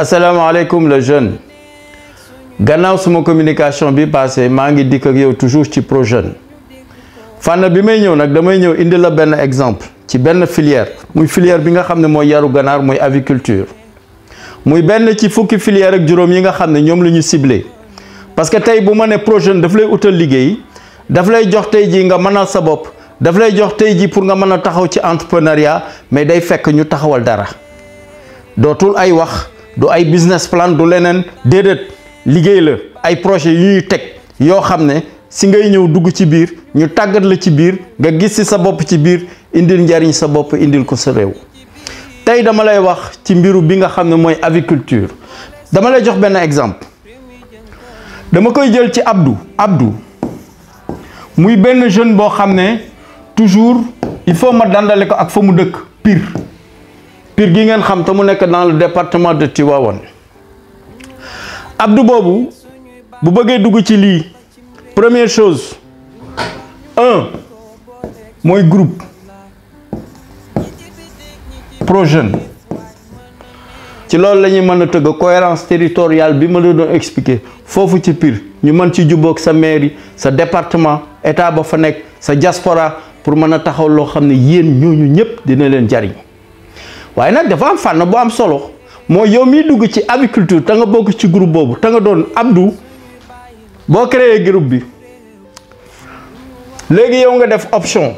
asalaamaaleykum le jeune gannaaw suma communication bi passé mangi ngi dikk ak toujours ci jeune. fànn bi may ñew nak damay ñew indi la ben exemple ci ben filière muy filière bi nga xamné ne yaru ganaar moy aviculture muy ben ci fukki filière ak juróom yi nga xamné ne ñoom parce que tay buma né ne projeune daf lay utal liguey, daf lay jox tay ji nga mënal sa bop, daf lay jox tay ji pour nga mëna taxaw ci entrepreneuriat mais day fekk ñu taxawal dara Dotul ay wax du ay business plan du leneen déedéet liggéey la ay projet yu ñuy teg yoo xam ne si ngay ñëw dugg ci biir ñu tàggat la ci biir nga gis si sa bopp ci biir indil njariñ sa bopp indil ko sa réew tey dama lay wax ci mbiru bi nga xam ne mooy aviculture dama lay jox benn exemple dama koy jël ci abdu abdu muy benn jeune boo xam ne toujours il faut ma dàndale ko ak fa mu dëkk Pire pir gi ngeen xam te mu nekk dans le département de Tivaouane Abdou boobu bu bëggee dugg ci lii première chose un mooy groupe projeune ci loolu la ñuy mën a tëgg cohérence territoriale bi ma la doon expliquer foofu ci pir ñu mën ci jubboog sa mairie sa département état ba fa nekk sa diaspora pour mën a taxaw loo xam ne yéen ñooñu ñëpp dina leen jariñ waaye nag dafa am fànn bu am solo mooy yow miy dugg ci aviculture te nga bokk ci groupe boobu te nga doon abdu boo créé groupe bi léegi yow nga def option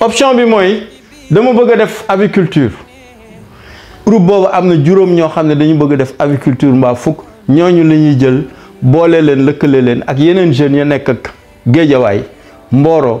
option bi mooy dama bëgg a def aviculture groupe boobu am na juróom ñoo xam ne dañu bëgg a def aviculture mbaa fukk ñooñu la ñuy jël boole leen lëkkale leen ak yeneen jeunes ya nekk ak géejawaay mbooro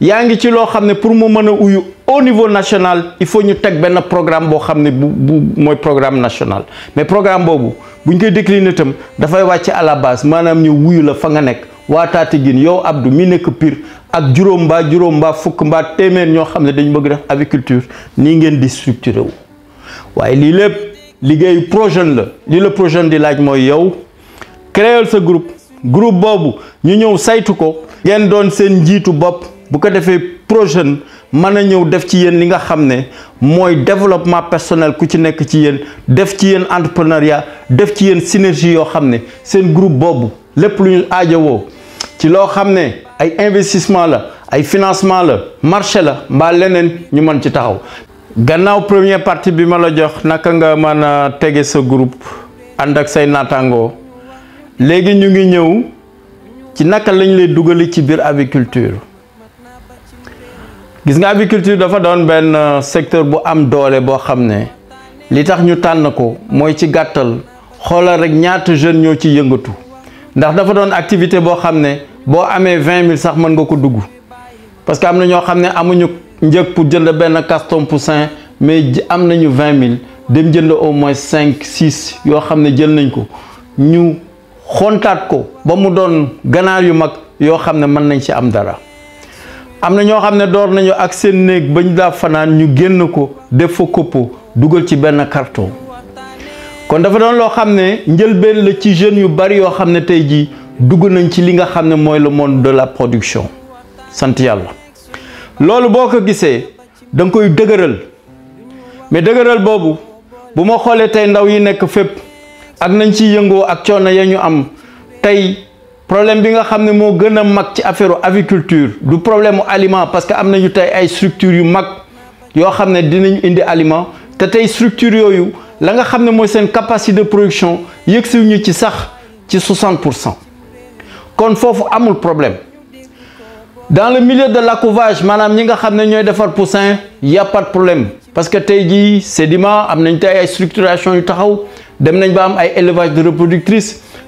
yaa ngi ci loo xam ne pour mu mën a uyu au niveau national il faut ñu teg benn programme boo xam ne bu bu mooy programme national mais programme boobu bu ñu koy décliner itam dafay wàcce à la base maanaam ñu wuyu la fa nga nekk waa gin yow Abdou mi nekk piir ak juróom mbaa juróom mbaa fukk mbaa téeméer ñoo xam ne dañu bëgg def aviculture nii ngeen di structuré wu waaye lii lépp liggéeyu projeune la li la projeune di laaj mooy yow créer sa groupe groupe boobu ñu ñëw saytu ko ngeen doon seen njiitu bopp bu ko defee projet mën a ñëw def ci yéen li nga xam ne mooy développement personnel ku ci nekk ci yéen def ci yéen entrepreneuriat def ci yéen synergie yoo xam ne seen groupe boobu lépp lu ñu aajowoo ci loo xam ne ay investissement la ay financement la marché la mbaa leneen ñu mën ci taxaw gannaaw premier partie bi ma la jox naka nga mën a tege sa groupe ànd ak say naataangoo léegi ñu ngi ñëw ci naka lañ lay dugali ci biir aviculture gis nga culture dafa doon benn euh, secteur bu am doole boo xam ne li tax ñu tànn ko mooy ci gàttal xoolal rek ñaata jeunes ñoo ci yëngatu ndax dafa doon activité boo xam ne boo amee vingt mille sax mën nga ko dugg parce que am na ñoo xam ne amuñu njëg pour jënd benn carton poussin mais am nañu vingt mille dem jënd au moins cinq six yoo xam ne jël nañ ko ñu xontaat ko ba mu doon ganaar yu mag yoo xam ne mën nañ ci am dara am na ñoo xam ne door nañu ak seen néeg bañ daa fanaan ñu génn ko def fa koppo dugal ci benn carton kon dafa doon loo xam ne njëlbeen la ci jeunes yu bari yoo xam ne tey jii dugg nañ ci li nga xam ne mooy le monde de la production sant yàlla loolu boo ko gisee da nga koy dëgëral mais dëgëral boobu bu ma xoolee tey ndaw yi nekk fépp ak nañ ciy yëngoo ak coono ya ñu am tey problème bi nga nous mo gëna affaires mag ci affaire aviculture du problème aliment parce que nous avons tay ay structures yu mag yo xamné ne dinañ indi aliment te tay structure yoyu la nga xamné moy sen capacité de production qui est ñu ci sax ci 60 kon fofu amul problème dans le milieu de l'accouvage manam ñi nga xamné ñoy défar poussin y a pas de problème parce que tay avons sédiment sédiments, tay ay structuration yu taxaw dem nañ ba am ay élevage de reproductrices.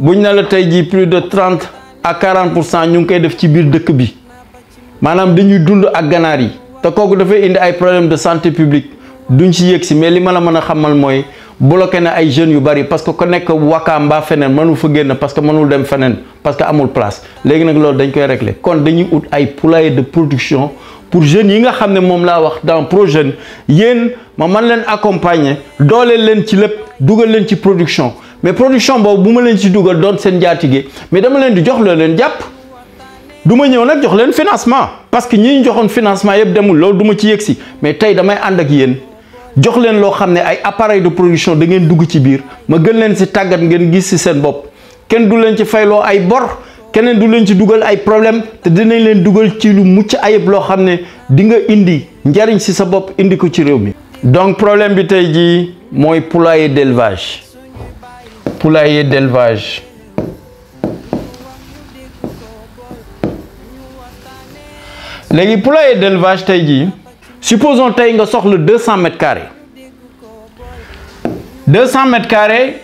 bu ñu ne la tey jii plus de trente a quarante pour cent ñu ngi koy def ci biir dëkk bi maanaam dañuy dund ak ganaar yi te kooku dafay indi ay problème de santé publique duñ ci yëg si mais li ma la mën a xamal mooy bloqué na ay jeunes yu bari parce que ko nekk wakkaam mbaa feneen mënul fa génn parce que mënul dem feneen parce que amul place léegi nag loolu dañ koy régler kon dañuy ut ay poulailler de production pour jeunes yi nga xam ne moom laa wax dans pro jeune yéen ma mën leen accompagner dooleel leen ci lépp dugal leen ci production mais production boobu bu ma leen ci dugal doon seen njaatige mais dama leen di jox la leen jàpp du ma ñëw nag jox leen financement parce que ñi joxoon financement yëpp demul lool du ma ci yëg mais tey damay ànd ak yéen jox leen loo xam ne ay appareil de production da ngeen dugg ci biir ma gën leen si tàggat ngeen gis si seen bopp kenn du leen ci fayloo ay bor keneen du leen ci dugal ay problème te dinañ leen dugal ci lu mucc ayib loo xam ne di nga indi njariñ si sa bopp indi ko ci réew mi donc problème bi tey jii mooy poulailler d'élevage Pour d'élevage. La poulailler d'élevage, supposons que tu avez 200 mètres carrés. 200 mètres carrés,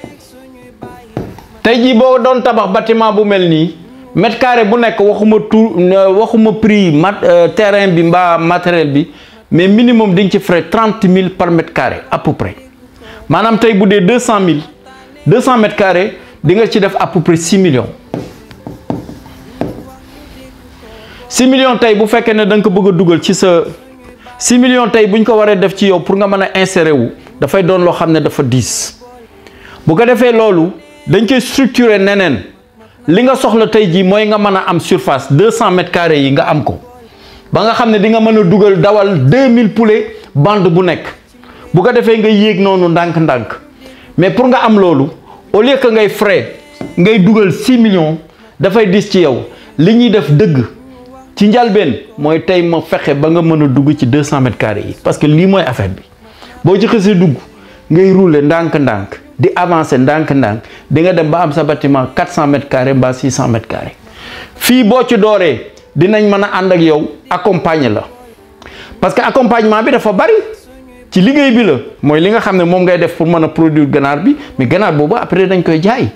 dit si tu tabac bâtiment pour Melni, mètre carré, tu ne peux pas prix euh, terrain, le matériel, mais minimum, tu frais 30 000 par mètre carré, à peu près. Madame vous avez 200 000. deux cent mètres carrés di nga ci def à peu près six millions six millions tey bu fekkee ne da nga ko bëgg a dugal ci sa six millions tey bu ñu ko waree def ci yow pour nga mën a insérer wu dafay doon loo xam ne dafa diis bu ko defee loolu dañ koy structurer neneen li nga soxla tey jii mooy nga mën a am surface deux cent mètres carrés yi nga am ko ba nga xam ne di nga mën a dugal dawal deux mille poulets bande bu nekk bu ko defee nga yéeg noonu ndànk-ndànk. mais pour nga am loolu au lieu que ngay frais ngay dugal 6 millions dafay dis ci yow li ñuy def dëgg ci njalbeen mooy tey ma fexe ba nga mën a dugg ci 200 mètres carrés yi parce que lii mooy affaire bi boo ci xësee dugg ngay rouler ndànk-ndànk di avancer ndànk-ndànk di nga dem ba am sa bâtiment 400 mètres carrés mbaa 600 mètres carrés fii boo ci dooree dinañ mën a ànd ak yow accompagner la parce que accompagnement bi dafa bari ci liggéey bi la mooy li nga xam ne moom ngay def pour mën a produire ganaar bi mais ganaar boobu après dañ koy jaay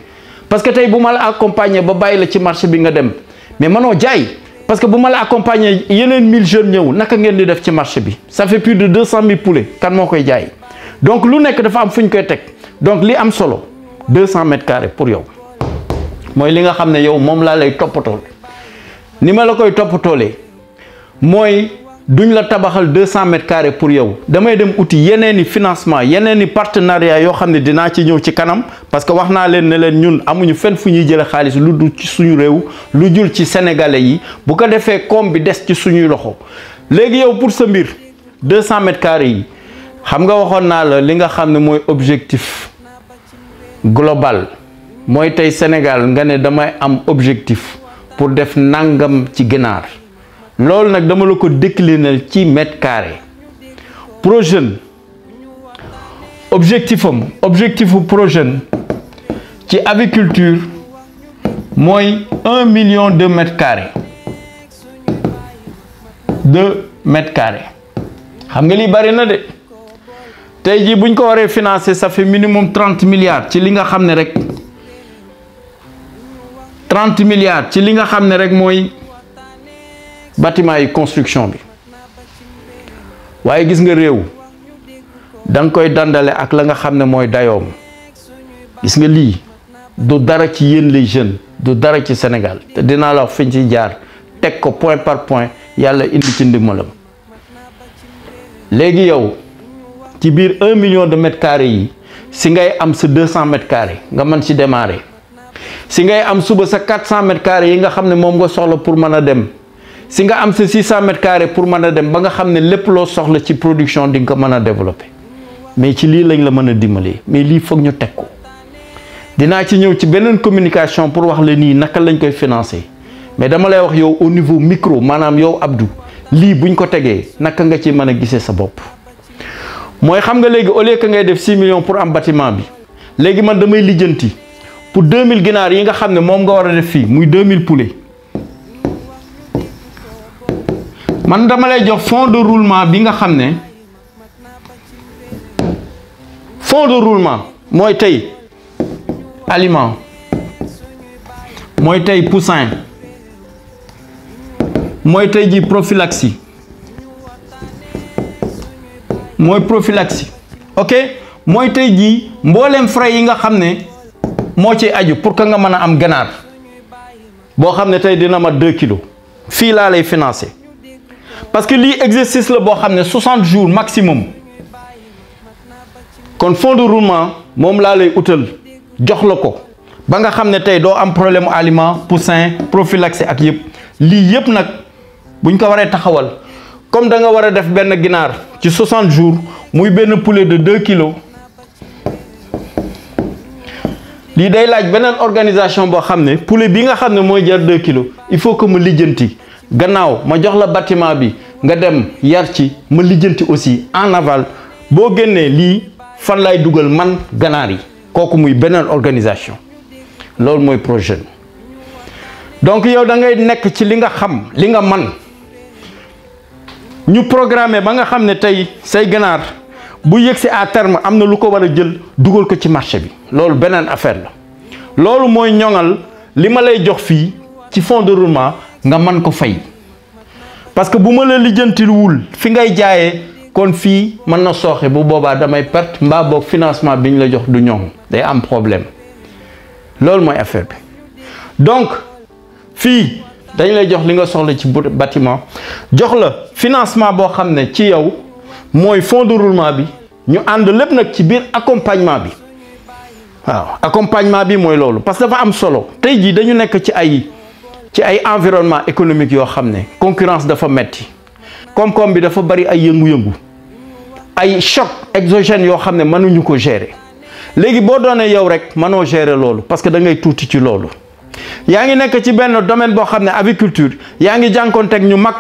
parce que tey bu ma la accompagner ba bàyyi la ci marché bi nga dem mais manoo jaay parce que bu ma la accompagner yeneen mille jeunes ñëw naka ngeen di def ci marché bi ça fait plus de 200 000 kan moo koy jaay donc lu nekk dafa am fu ñu koy teg donc li am solo 200 mètres carrés pour yow mooy li nga xam ne yow moom laa lay toppatool ni ma la koy toppatoolee mooy. duñ la tabaxal deux cent mètres pour yow damay dem uti yeneeni financement yeneeni partenariat yoo xam ne dinaa ci ñëw ci kanam parce que wax naa leen ne leen ñun amuñu fenn fu ñuy jële xaalis lu dul ci suñu réew lu jul ci sénégalais yi bu ko defee koom bi des ci suñuy loxo léegi yow pour sa mbir deux cent mètres carrés yi xam nga waxoon naa la li nga xam ne mooy objectif global mooy tey Sénégal nga ne damay am objectif pour def nangam ci ginaar Lors de la décline de 10 mètres carrés. Pro jeune, objectif, objectif pro jeune, qui agriculture, moins 1 million de mètres carrés. 2 mètres carrés. Hamgeli Barinade. Si vous voulez financer, ça fait minimum 30 milliards. Ce que vous savez, 30 milliards. Ce que vous savez, c'est bâtiment yi construction bi waaye gis nga réew danga koy dàndale ak la nga xam ne mooy dayoom gis nga lii du dara ci yéen le jeunes du dara ci Sénégal te dinaa la wax fiñ ci jaar teg ko point par point yàlla indi ci ndimbalam léegi yow ci biir un million de mètres carrés yi si ngay am sa deux cent mètres nga mën si démarrer si ngay am suba sa quatre cent mètres yi nga xam ne moom nga soxla pour mën a dem si nga am sa 600 mètres carrés pour mën a dem ba nga xam ne lépp loo soxla ci production di nga ko mën a développer mais ci lii lañ la mën a dimbalee mais lii foog ñu teg ko dinaa ci ñëw ci beneen communication pour wax la nii naka lañ koy financer mais dama lay wax yow au niveau micro maanaam yow Abdou lii buñ ko tegee naka nga ci mën a gisee sa bopp mooy xam nga léegi au lieu que ngay def 6 millions pour am bâtiment bi léegi man damay lijjanti pour 2000 ginaar yi nga xam ne moom nga war a def fii muy 2000 poulet. man dama lay jox fond de roulement bi nga xam ne fond de roulement mooy tey aliment mooy tey poussin mooy tey ji prophylaxie mooy prophylaxie ok mooy tey jii mbooleem frais yi nga xam ne moo ci aju pour que nga mën a am ganaar boo xam ne tey dina ma 2 kilo fii laa lay financé parce que l'exercice le 60 jours maximum kon fond de roulement moom la lay utal jox la ko ba nga ne tey am problème aliment poussin prophylaxie ak yëpp lii yëpp nag buñ ko comme da nga war a def benn 60 jours a un poulet de 2 kilos Il day laaj une organisation boo ne poulet bi nga ne jar 2 kilos il faut que mu lijjanti. gannaaw ma jox la batiment bi nga dem yar ci ma lijjanti aussi en aval boo génnee lii fan lay dugal man ganaar yi kooku muy beneen organisation loolu mooy projet donc yow da ngay nekk ci li nga xam li nga man ñu programmer ba nga xam ne tey say ganaar bu yëgsi à terme am na lu ko war a jël dugal ko ci marché bi loolu beneen affaire la loolu mooy ñoŋal li ma lay jox fii ci fonds de roulement nga man ko fay parce que buma ma la wul fi ngay jaayee kon fi man na soxé bu boba damay perte mba bok financement biñ la jox du ñom day am problème lool moy affaire bi donc fi dañ lay jox li nga soxla ci bâtiment jox la financement bo xamné ci yow moy fonds de roulement bi ñu and lepp nak ci bir accompagnement bi waaw accompagnement bi moy loolu parce que dafa am solo tay ji dañu nek ci ay ci ay environnement économique yoo xam ne concurrence dafa metti koom-koom bi dafa bari ay yëngu-yëngu ay choc exogène yoo xam ne mënuñu ko gérer léegi boo doonee yow rek mënoo gérer loolu parce que da ngay tuuti ci loolu yaa ngi nekk ci benn domaine boo xam ne aviculture yaa ngi jànkoonteeg ñu mag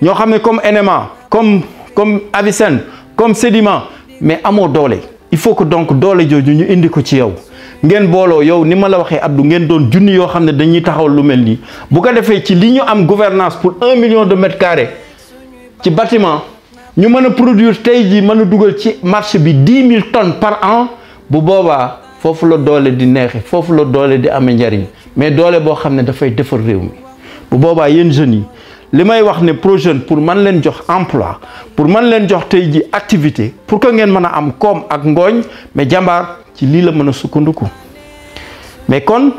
ñoo xam ne comme NMA comme comme Avicenne comme Sedima mais amoo doole il faut que donc doole jooju ñu indi ko ci yow ngeen booloo yow ni ma la waxee Abdou ngeen doon junni yoo xam ne dañuy taxaw lu mel nii bu ko defee ci li ñu am gouvernance pour un million de mètres carrés ci bâtiment ñu mën a produire tey jii mën a dugal ci marché bi dix mille tonnes par an bu boobaa foofu la doole di neexe foofu la doole di ame njariñ mais doole boo xam ne dafay defar réew mi bu boobaa yéen jeunes yi li may wax ne projeune pour man leen jox emploi pour man leen jox tey ji activité pour que ngeen mën a am koom ak ngooñ mais jàmbaar ci li la mën a mais kon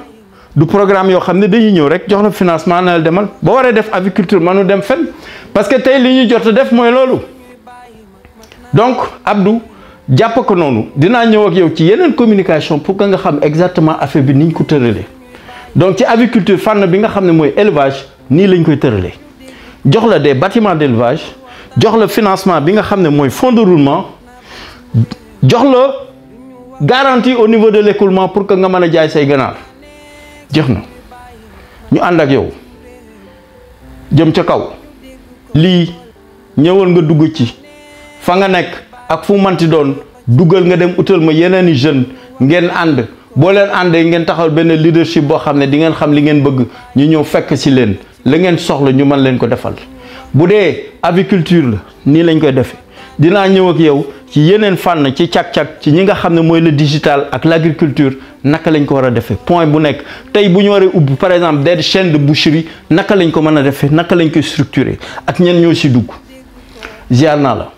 du programme yo xamne dañuy ñëw rek jox la financement na demal bo waré def aviculture manu dem fenn parce que tay li ñu jot def moy lolu donc Abdou japp ko nonu dina ñëw ak yow ci yeneen communication pour que nga xam exactement affaire bi niñ ko donc ci agriculture fànn bi nga xamne moy élevage ni lañ koy tëralee jox la des bâtiments d'élevage jox la financement bi nga xamne moy fonds de roulement jox la garantie au niveau de l'écoulement pour que nga mën a jaay say ganaar jeex na ñu ànd ak yow jëm ca kaw lii ñëwoon nga dugg ci fa nga nekk ak fu manti doon dugal nga dem ma yeneen jeune ngeen ànd boo leen àndee ngeen taxawal leadership boo xam ne di ngeen xam li ngeen bëgg ñu ñëw fekk si la ngeen soxla ñu ko defal bu aviculture la nii lañ koy defee dinaa ak yow ci yeneen fan ci càq-càq ci ñi nga xamne moy le digital ak l'agriculture, agriculture naka lañ ko wara defé point bu nek tay bu ñu wara par exemple des chaînes de boucherie naka lañ ko mëna defé naka lañ koy structurer ak ñen ñoo ci dugg ziar na la.